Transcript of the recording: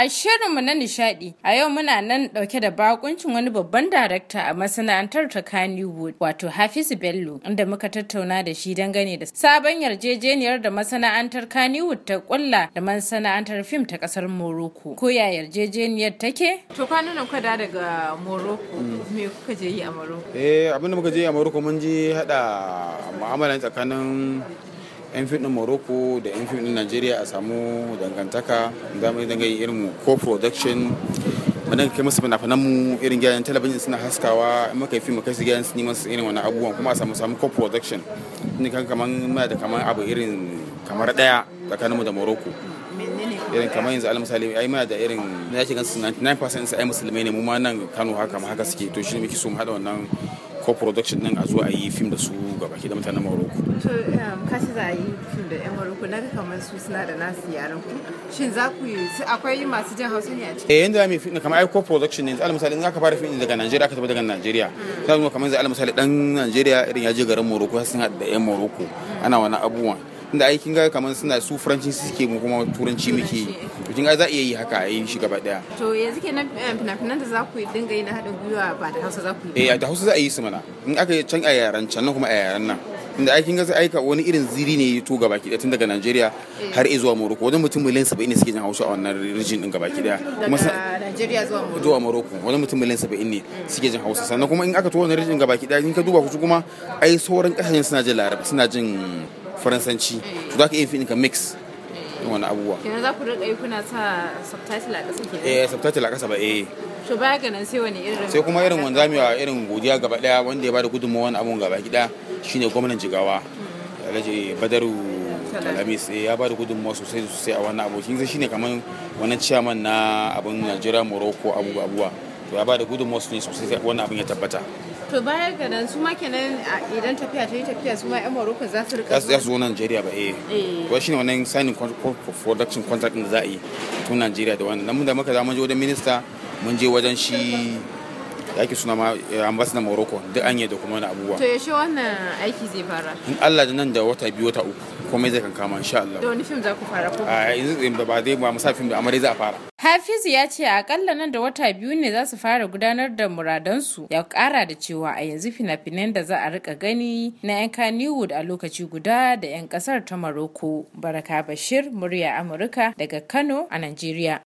A shirinmu na nishaɗi, a yau muna nan ɗauke da bakuncin wani babban darakta a masana'antar ta Kannywood wato Hafizu Bello inda muka tattauna da shi dangane da sabon yarjejeniyar da masana'antar Kannywood ta kulla da masana'antar fim ta kasar Morocco. Ko ya yarjejeniyar take? To kwanan nan kwada daga Morocco me kuka je yi a Morocco? Eh abinda muka je yi a Morocco mun je hada mu'amala tsakanin 'yan fiɗin morocco da 'yan fiɗin nigeria a samu dangantaka za mu dangayi irin co-production madan kai masu fina-finan mu irin gidan talabijin suna haskawa in muka yi fim kai su gidan sinima su irin wani abubuwan kuma a samu samu co-production ni kan kamar mai da kamar abu irin kamar daya mu da morocco irin kamar yanzu alal misali ai muna da irin na yake su 99% sai musulmai ne mu ma nan Kano haka ma haka suke to shi ne muke so mu hada wannan co-production din a zo a yi fim da su ga baki da mutanen Morocco. To um, ka kashi za a yi fim da 'yan Morocco na ga kamar su suna da nasu yaran ku. Shin za ku yi akwai masu jin Hausa ne a cikin? Eh yanda mai fim kamar ai co-production ne alal misali in za ka fara fim daga Najeriya aka tafi daga Najeriya. Hmm. Za mu kamar zai alal misali dan Najeriya irin ya je garin Morocco sai sun haɗu da 'yan Morocco hmm. ana wani abubuwan. inda ai kin ga kamar suna su faranci suke mu kuma turanci muke to kin ga za iya yi haka a yi shi gaba daya to yanzu kenan eh, fina-finan da za ku dinga yi na haɗin gwiwa ba da Hausa za ku yi eh da Hausa za a yi su mana in aka yi can a yaran can nan kuma a yaran nan inda aikin gaza aika wani irin ziri ne to gaba ki tun daga Najeriya eh. har zuwa Morocco wajen mutum miliyan 70 ne suke jin Hausa a wannan rijin din gaba ki daya kuma Najeriya zuwa Morocco zuwa Morocco wajen mutum miliyan 70 ne mm. suke jin Hausa sannan kuma in aka to wannan rijin gaba ki daya in ka duba ku kuma ai sauran kasashen suna jin Larabci suna jin faransanci to za ka iya ka mix in wani abubuwa kina za ku rika yi kuna sa subtitle a ƙasa kenan eh subtitle a ƙasa ba eh to baya ga nan sai wani irin sai kuma irin wanda zamu irin godiya gaba daya wanda ya bada gudunmawa wani abun gaba gida shine gwamnan jigawa alhaji badaru talamis eh, ya bada gudunmawa sosai sosai a wannan abokin sai shine kamar wannan ciyaman na abun najeriya morocco abubuwa to ya bada gudunmawa sosai sosai wannan abun ya tabbata to bayan ga nan su ma kenan idan tafiya ta yi tafiya su ma yan Morocco za su rika za su zo Nigeria ba eh shi eh. shine wannan signing production contract din da za a yi tun Nigeria da wannan mun da muka za mu je wajen minista mun je wajen shi da ake suna eh, ambassador Morocco duk an yi da kuma wani abubuwa to yaushe wannan aiki zai fara in Allah da nan da wata biyu wata uku komai zai kan insha Allah da wani za ku fara ko a yanzu ba dai ba mu sa fim da amare za a fara Hafizu ya ce akalla nan da wata biyu ne za su fara gudanar da muradansu ya kara da cewa a yanzu fina-finan da za a rika gani na 'yan Kannywood a lokaci guda da 'yan kasar ta Maroko. Baraka Bashir, murya Amurka daga Kano a Najeriya.